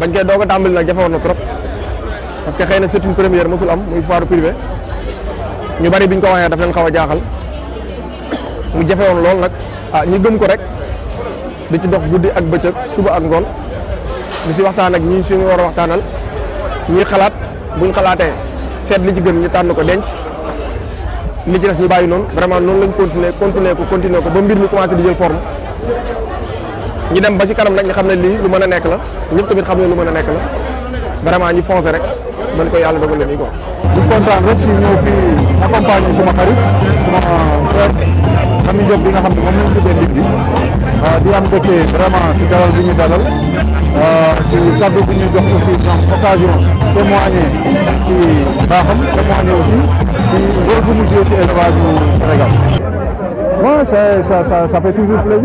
bañ koy doog a tàmbali nag jafewoon na trop parce que xëy na c'est une première mosul am muy foire privée ñu bari biñ ko waxee daf leen xaw a jaaxal mu jafewoon lool nag ah ñi gëm ko rek di ci dox guddi ak bëccëg suba ak ngoon di si waxtaan ak ñi suñu war a waxtaanal ñuy xalaat buñ xalaatee seet li ci gën ñu tànn ko denc li ci des ñu bàyyi noonu vraiment noonu lañ continuer continuer ko continuer ko ba mbir mi commencé di jël form ñi dem ba ci kanam nak ñu xamne li lu mëna a la ñëpp tamit xamne lu mëna a la vraiment ñi foncer rek man ko yalla dogal ni quoi. di kontaan rek ci ñeu fi accompagner suma xarit suma frère xamni Diop bi nga xamne ne moom lañ tuddee bi ah, di am côté vraiment si dalal bi ñu dalal ah, si cadeau bi ñu jox aussi donc occasion témoigner si baaxam témoigner aussi si rôle bu mu jouer si élevage bu Sénégal. Ouais, ça, ça, ça, ça fait toujours plaisir.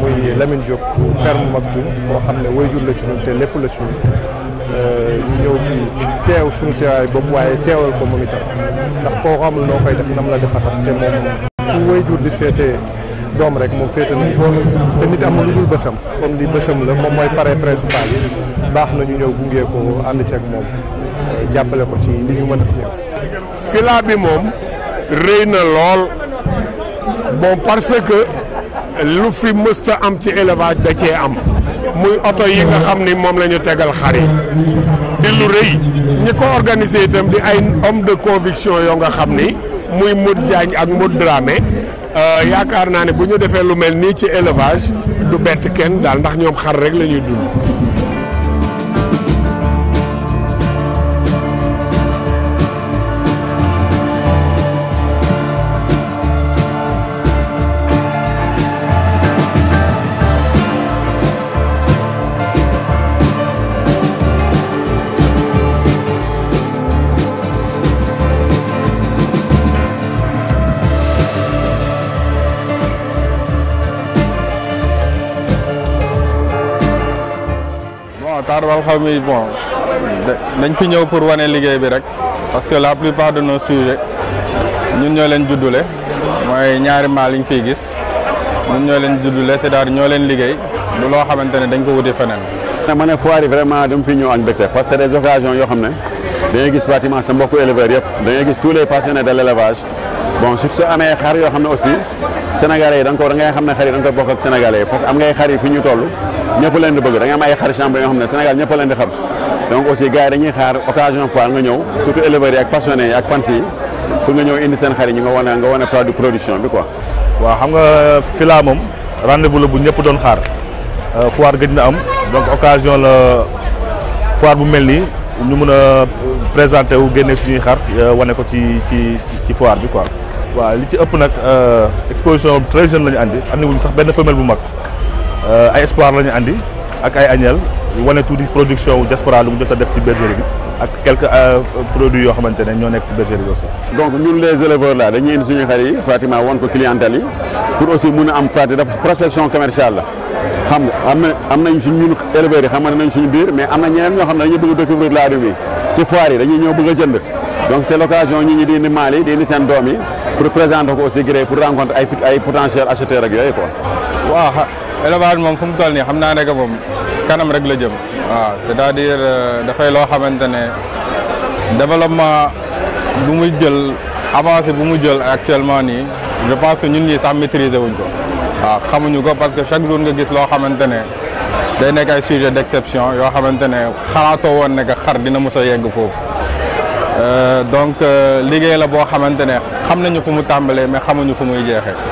muy Lamine Diop ferme Maktoum boo xam ne wayjur la ci ñun te lépp la ci ñun euh, ñu ñëw fii teew suñu teewaay boobu waaye teewal ko moom itam ndax koo xamul noo koy def nam la def a tax te moom fu wayjur di féetee doom rek moom féete nañ ko te nit amul lu dul bësam comme li bësam la moom mooy pare principal yi baax na ñu ñëw gungee ko ànd ceeg moom euh, jàppale ko ci li ñu mën a si ñëw. filaa bi moom rëy na lool bon parce que. lu fi mësta am ci élevage da cee am muy oto yi nga xam ni moom lañu ñu tegal xar yi di lu rëy ñi ko organisé itam di ay homme de conviction yoo nga xam ni muy Modou Diagne ak Modou Dramé euh, yaakaar naa ne bu ñu defee lu mel nii ci élevage du bett kenn daal ndax ñoom xar rek la ñuy dund xam-xam yi bon dañ fi ñëw pour wane liggéey bi rek parce que la plupart de nos sujets ñun ñoo leen juddule mooy ñaari maal liñ fiy gis ñun ñoo leen juddule c'est-à-dire ñoo leen liggéey du loo xamante ne dañ ko wuti feneen. ma ne foire yi vraiment dama fi ñëw ak mbégte parce que des occasions yoo xam ne dañuy gis pratiquement sa mbokku éleveurs yëpp dañuy gis tous les passionnés de l'élevage bon surtout su amee xar yoo xam ne aussi sénégalais yi da nga ko xam ne xar yi da nga ko bokk am xar yi fi ñu toll. ñepp leen di bëgg da nga am ay xar chambre yo xamne Sénégal ñepp leen di xam donc aussi gaay dañuy xaar occasion fois nga ñëw surtout éleveur yi ak passionné yi ak fans yi pour nga ñëw indi seen xar yi nga wone nga wane produit production bi quoi. wa xam nga Fila mom rendez-vous la bu ñepp doon xaar euh, foire gëj na am donc occasion la foire bu melni ñu mëna euh, présenter wu génne suñu xar euh, wone ko ci ci ci foire bi quoi. wa li ci ëpp nag exposition très jeune lañu andi andi wuñu sax benn femelle bu mag. Euh, ay espoir lañu andi ak ay agnelle wane tuuti production wu diaspora lu mu jot def ci bergerie bi ak quelques euh, produits yo xamante ne ñoo nekk ci bergerie bi aussi. donc ñun les éleveurs là dañuy indi suñu xar yi pratiquement wan ko clientèle yi pour aussi mun a am pratique dafa prospection commerciale la. xam nga am na am nañ suñ ñun éleveurs yi xamante nañ suñu biir mais am na ñeneen ñoo xam ne dañuy bëgg a découvrir la bi ci foire yi dañuy ñëw bëgg a jënd donc c'est l'occasion ñi ñi di indi maal yi di indi seen doom yi pour présenter ko aussi gré pour rencontre ay ay potentiel acheteurs ak yooyu quoi. waaw élevage moom fu mu toll nii xam naa ne que moom kanam rek la jëm waaw c'est-à-dire euh, dafay loo xamante ne développement bu muy jël avancé bu mu jël actuellement nii je pense que ñun ñii sax maîtriser wuñ ko waaw xamuñu ko parce que chaque jour nga gis loo xamante ne day nega ay sujet d'exception yoo xamante ne xalaatoo woon ne xar dina mos a yegg foofu euh, donc euh, liggéey la boo xamante ne xam nañu fu mu tàmbalee mais xamuñu fu muy jeexee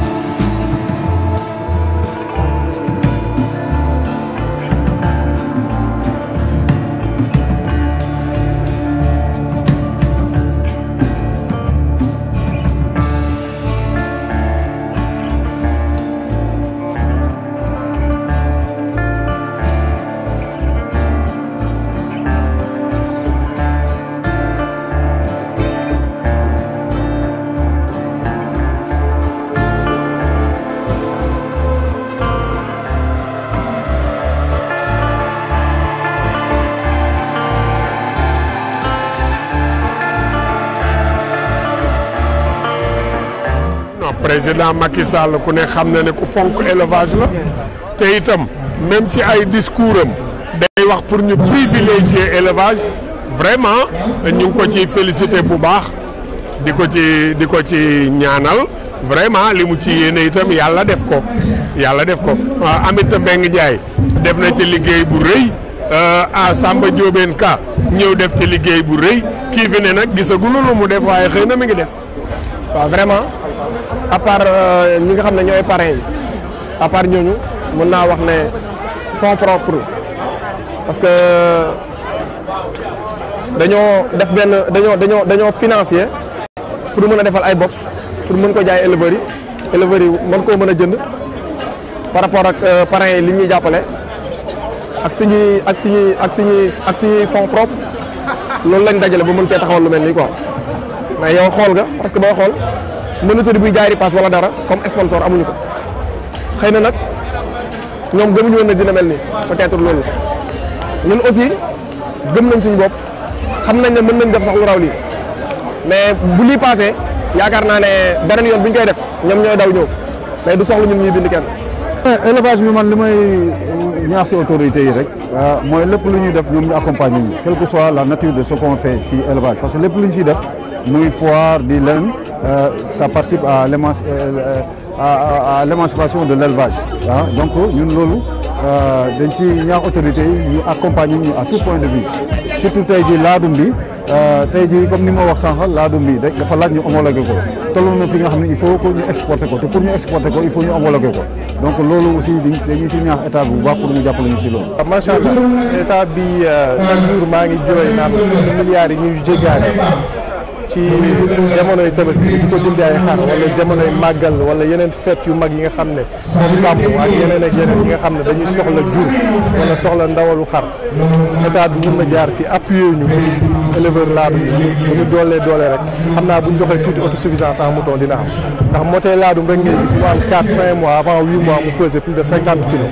président Macky Sall ku ne xam na ne ku fonk élevage la te itam même ci ay discours am day wax pour ñu privilégier élevage vraiment ñu ngi ko ci félicité bu baax di ko ci di ko ci ñaanal vraiment li mu ci yéene itam yàlla def ko yàlla def ko waaw ah, Aminata Mbengue Ndiaye def na ci liggéey bu rëy euh, a ah, Samba Diobène Ka ñëw def ci liggéey bu rëy kii fi ne nag gisagul lu mu def waaye xëy na mi ngi def vraiment à part euh, ñi nga xam ne ñooy parrain à part ñooñu mën naa wax ne fonds propre parce que dañoo def benn dañoo dañoo dañoo financier pour a ay box pour mën ko jaay éleveurs yi éleveurs yi mën koo mën a jënd par rapport ak euh, parrain yi li ñuy jàppale ak suñuy ak suñuy ak suñuy ak suñuy fonds propre loolu lañ dajale ba mën cee taxawal lu mel quoi na yow xol nga parce que bo xol mënatu di buy jaari pass wala dara comme sponsor amuñu ko xeyna nak ñom ñoom ñu woon dina melni peut être loolu ñun aussi gëm nañ suñu bop xam nañ ne mën nañ def sax lu raw lii mais bu li passé yaakar na né benen yoon buñ koy def ñom ñoy daw ñëw mais du soxlu ñun ñi bind kenn élevage bi man limay ñaax si yi rek euh, moy lepp lu ñuy def ñom ñu accompagner ñu soit la nature de ce qu'on fait si élevage parce que lepp luñ ci def muy foire di leneen euh, ça participe euh, euh, à à l'émancipation de l'élevage ah donc ñun loolu dañ ci ñaax autorité yi ñu accompagner ñu à tout point de vue surtout tay jii laadum bi tay jii comme ni ma wax sànq laadum bi dafa laaj ñu homologué ko tollu na fi nga xam ne il faut que ñu exporter ko te pour ñu exporter ko il faut ñu homologué ko donc loolu aussi dañuy si ñaax état bu baax pour mu jàppale ñu si loolu. Ah, macha allah état bi chaque jour maa ngi jooy naan milliards yi ñuy jéggaane ci jamonoy tabaski di ko jëndee ay xar wala jamonoy màggal wala yeneen fête yu mag yi nga xam ne comme gàmmu ak yeneen ak yeneen yi nga xam ne dañuy soxla jur wala soxla ndawalu xar état bi mën na jaar fi appuyé ñu éleveur laadu yi bu ñu doolee doolee rek xam naa bu ñu joxee tuuti autosuffisance en mouton dina am ndax moo tey laadum rek ngay gis mu am 4 mois avant 8 mois mu pesé plus de 50 kilos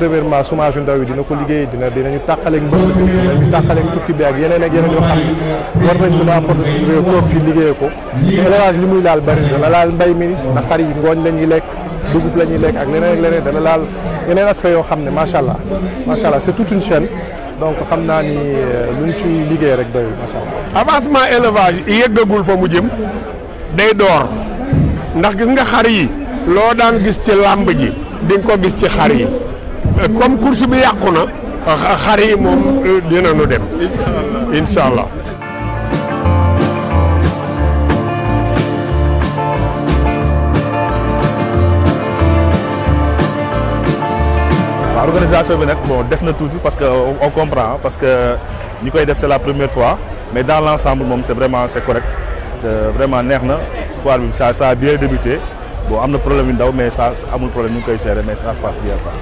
premièrement chômage yu ndaw yi dina ko liggéey dina dinañu tàqaleeg mbënd bi dinañu tàqaleeg tukki bi ak yeneen ak yeneen yoo xam ne a apporter suñu réew toog fii ko élevage li muy laal bari dana laal mbay mi ndax xar yi ngooñ la lekk dugub la ñuy lekk ak leneen ak leneen dana laal yeneen aspect yoo xam ne macha allah macha allah c'est toute une chaîne donc xam naa ni euh, lu ñu ci liggéey rek doyul macha allah. avancement élevage yëggagul fa mu jëm day door ndax gis nga xar yi loo daan gis ci làmb ji di nga ko gis ci xar yi. comme course bi yakuna na mom yi euh, dina nu dem inshallah L'organisation L'organisation bien bon parce que on comprend parce que nous c'est la première fois mais dans l'ensemble c'est vraiment c'est correct vraiment nerveux. ça a bien débuté bon am problème ndaw mais ça amul problème ñu ngi koy gérer mais ça se passe bien quoi.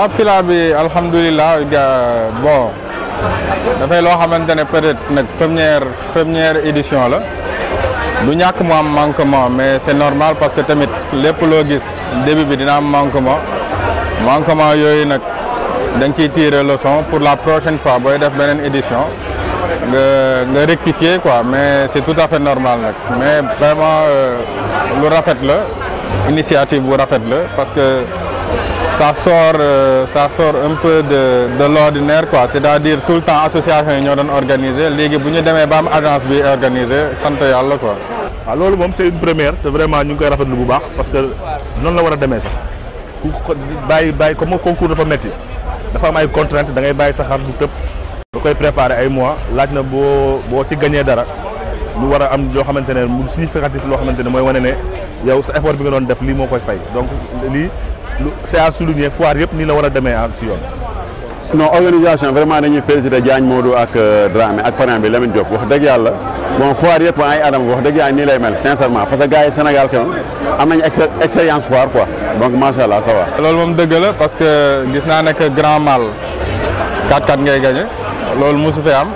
Wa filaa bi bon dafay loo xamante ne peut être nag première première édition là. du ñàkk mu am manquement mais c'est normal parce que tamit lépp loo gis début bi dina am manquement manquement yooyu nag dañ ciy tirer leçon pour la prochaine fois booy def une édition. nga nga rectifier quoi mais c'est tout à fait normal nag mais vraiment euh, le rafet la initiative vous rafet la parce que ça sort euh, ça sort un peu de de l'ordinaire quoi c'est-à-dire tout le temps association ñoo organiser légui buñu démé demee ba am agence bi organiser sante yalla quoi. alors ah, loolu c'est une première c'est vraiment ñu koy à lu bu baax parce que non la wara a ça sax ku bàyyi bàyyi comme concours dafa metti dafa am ay contraintes da ngay bàyyi sa xar du tepp da koy préparer ay mois laaj na bo bo ci gagner dara ñu war am lo xamante mu significatif lo xamantene moy wone ne yow sa effort bi nga doon def li mo koy fay donc li c'est à souligner foire yep ni la wara a demee ci yone non organisation vraiment dañuy féliciter Diagne Modou ak euh, Dramé ak parrain bi Lamine Diop wax dëgg yalla bon foire yep ay adam wax dëgg yàlla nii lay mel sincèrement parce que gars yi Sénégal quand même am nañu expérience foire quoi donc machallah ça va. loolu mom dëgg la parce que gis na nek grand mal 4-4 ngay gagner loolu musu fi am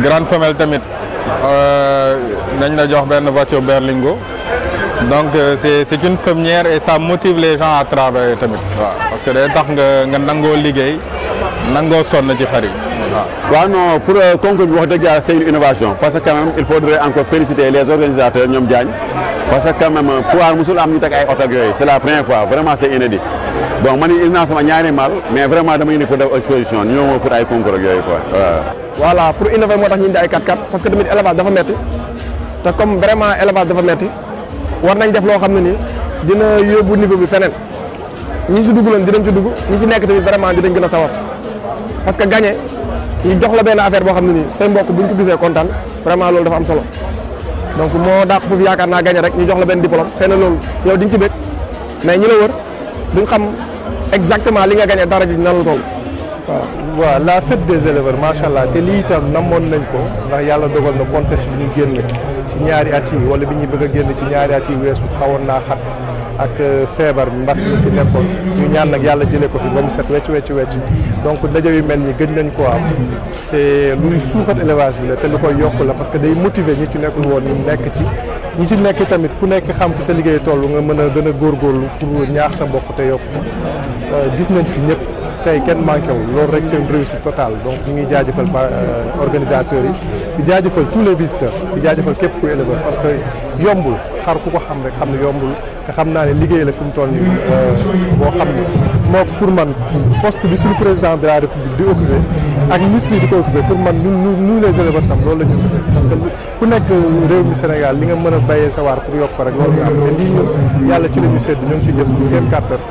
grande femelle tamit nañ euh, la jox voiture berlingo donc euh, c'est c'est une première et ça motive les gens à travailler tamit parce que les tax nga nga nangoo liggéey nangoo sonn ci xarit non pour euh, concours wax c'est une innovation parce que quand même il faudrait encore féliciter les organisateurs ñoom parce que quand même foire musul am ñu ay c'est la première fois vraiment c'est inédit bon man it indi sama ñaari mal mais vraiment dama indi pour exposition ñoo pour ay concours ak quoi voilà pour innover moo tax ñu indi ay 4 4 parce que tamit élevage dafa metti te comme vraiment élevage dafa metti war nañ def loo xam ne nii dina yóbbu niveau bi feneen ñi si dugg leen dinañ ci dugg ñi si nekk tamit vraiment dinañ gën a sawar parce que gagné ñu jox la benn affaire boo xam ne say mbokk buñ ko gisee kontaan vraiment loolu dafa am solo donc moo dàq foofu yaakaar naa gagné rek ñu jox la benn diplôme xëy na loolu yow di nga ci bëgg mais ñi la wër duñ xam exactement li nga gagné dara ji nan la toll waaw waaw la fête des éleveurs macha allah te lii itam namoon nañ ko ndax yàlla dogal na contexte bi ñu génn ci ñaari at yi wala bi ñuy bëgg a génn ci ñaari at yi weesu xawoon naa xat ak euh, feebar mbas mi fi nekkoon ñu ñaan nag yàlla jëlee ko fi ba mu set wecc wecc wecc donc daje yu mel ni gëj nañ ko am te luy suuxat élevage bi la te lu koy yokk la parce que day motiver ñi ci nekkul woon ñu nekk ci ñi ci nekk tamit ku nekk xam fi sa liggéey toll nga mën a gën a góorgóorlu pour ñaax sa mbokk te yokk euh, gis nañ fi ñëpp. tey kenn manqué wu loolu rek c'est une réussite totale donc ngi jaajëfal euh, organisateurs yi di jaajëfal tous les visiteurs di jaajëfal képp ku éleveur parce que yombul xar ku ko xam rek xam ne yombul te xam naa ne liggéey la fi mu toll nii euh, boo xam ne moo pour man poste bi suñu président de la république di occupé ak ministre yi di ko occupé pour man ñun ñu les éleveurs tam loolu la ñu parce que ku nekk réew mi Sénégal li nga mën a béyee sa waar pour yokk ko rek loolu nga ci la ñu sedd ñoo ngi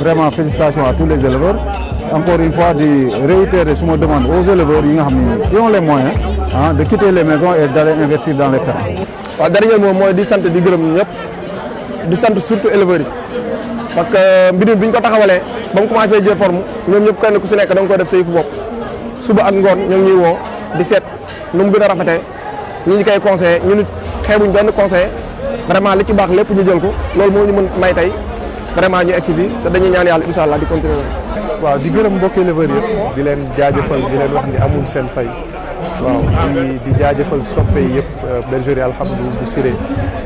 vraiment félicitations à tous les éleveurs. Encore une fois, de réitérer ce que demande aux éleveurs qui ont les moyens hein, de quitter les maisons et d'aller investir dans les fermes. Dernier moi, je du surtout éleveurs. Parce que euh, mbir qu'on ko taxawalé commencé vous ci nek dang ko def sous suba ak wo di conseil conseil vraiment vraiment ñu egsi fii te dañuy ñaan yàlla incha allah di continuer waaw di gërëm mbokki éleveurs yëpp di leen jaajëfal di leen wax ni amuñ seen fay waaw di di jaajëfal soppe yëpp euh, bergerie alhamdulilah bu Siré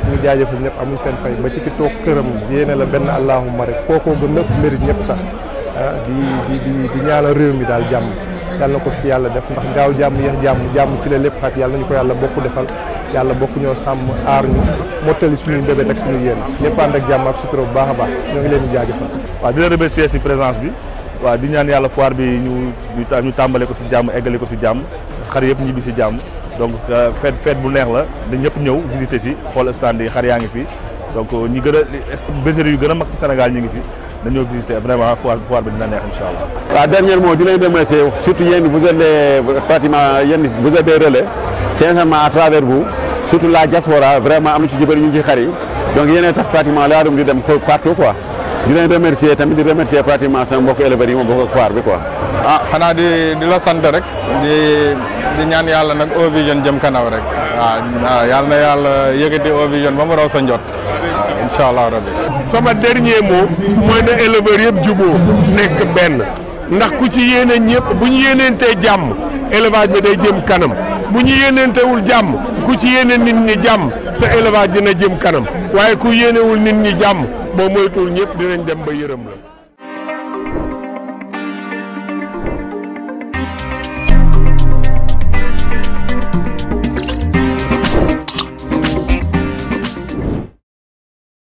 ñu jaajëfal ñëpp amul seen fay ba ci ki toog këram yéene la benn allahumma rek kookoo gën nëpp mérite ñëpp sax ah, di di di di ñaanal réew mi daal jàmm yàlla na ko fi yàlla def ndax gaaw jàmm yéex jàmm jàmm ci la lépp xat yàlla nañu ko yàlla bokk defal yàlla bokk ñoo sàmm aar ñu mottali suñuy mbébét ak suñuy yéen lépp ànd ak jàmm ak sutura bu baax a baax ñoo ngi leen di jaajëfal. waaw di la remercier si présence bi waaw di ñaan yàlla foire bi ñu ñu tàmbale ko si jàmm eggale ko si jàmm xar yëpp ñibbi si jàmm donc feet euh, feet bu neex la dañ ñëpp ñëw visiter si xool stand yi xar yaa ngi fi donc euh, ñi gën a bergerie yu gën mag ci Sénégal ñi ngi fi dañoo visité vraiment foire foire bi dina neex incha allah. waaw dernier mot di ñu remercier surtout yéen vous êtes des pratiquement yéen vous êtes des relais sincèrement à travers vous surtout la diaspora vraiment am na ci jubari ñu ngi ci xar yi donc yéen tax pratiquement laarum di dem foofu partout quoi di leen remercier tamit di remercier pratiquement sama mbokk éleveurs yi ma bokk ak bi quoi. ah xanaa di di la sant rek di di ñaan yàlla nag Ovision jëm kanam rek yàlla na yàlla yëkkati ba sa njot incha allah sama dernier mot mooy na éleveur yëpp juboo nekk benn ndax ku ci yéene ñëpp bu ñu yéeneentee jàmm élevage bi day jëm kanam bu ñu yéeneentewul jàmm ku ci yéene nit ñi jàmm sa élevage dina jëm kanam waaye ku yéenewul nit ñi jàmm boo moytuwul ñëpp dinañ dem ba yërëm la